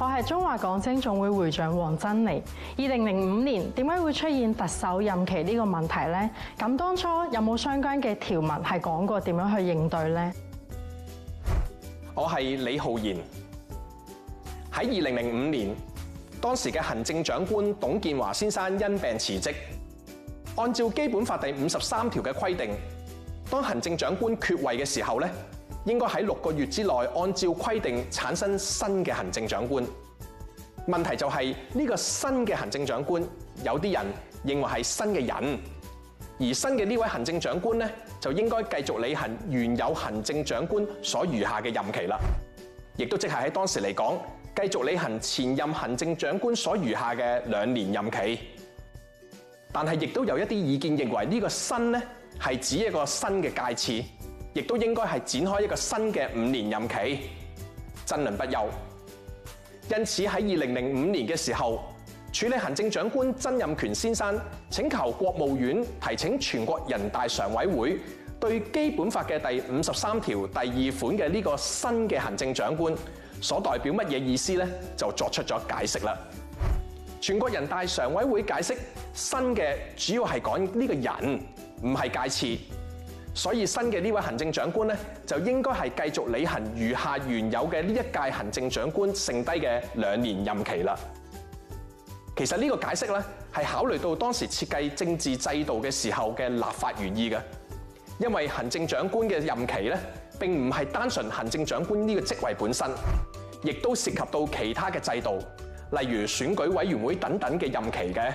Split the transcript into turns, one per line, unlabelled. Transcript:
我係中華港青總會會長王珍妮。二零零五年，點解會出現特首任期呢個問題呢？咁當初有冇相關嘅條文係講過點樣去應對呢？
我係李浩然。喺二零零五年，當時嘅行政長官董建華先生因病辭職。按照基本法第五十三條嘅規定，當行政長官缺位嘅時候咧，應該喺六個月之內，按照規定產生新嘅行政長官。問題就係呢個新嘅行政長官，有啲人認為係新嘅人，而新嘅呢位行政長官咧，就應該繼續履行原有行政長官所餘下嘅任期啦。亦都即係喺當時嚟講，繼續履行前任行政長官所餘下嘅兩年任期。但係亦都有一啲意見認為，呢個新咧係指一個新嘅屆次。亦都應該係展開一個新嘅五年任期，爭論不休。因此喺二零零五年嘅時候，署理行政長官曾蔭權先生請求國務院提請全國人大常委會對《基本法》嘅第五十三條第二款嘅呢個新嘅行政長官所代表乜嘢意思呢？就作出咗解釋啦。全國人大常委會解釋，新嘅主要係講呢個人，唔係介詞。所以新嘅呢位行政長官咧，就應該係繼續履行餘下原有嘅呢一屆行政長官剩低嘅兩年任期啦。其實，呢個解釋咧，係考慮到當時設計政治制度嘅時候嘅立法原意嘅，因為行政長官嘅任期咧，並唔係單純行政長官呢個職位本身，亦都涉及到其他嘅制度，例如選舉委員會等等嘅任期嘅。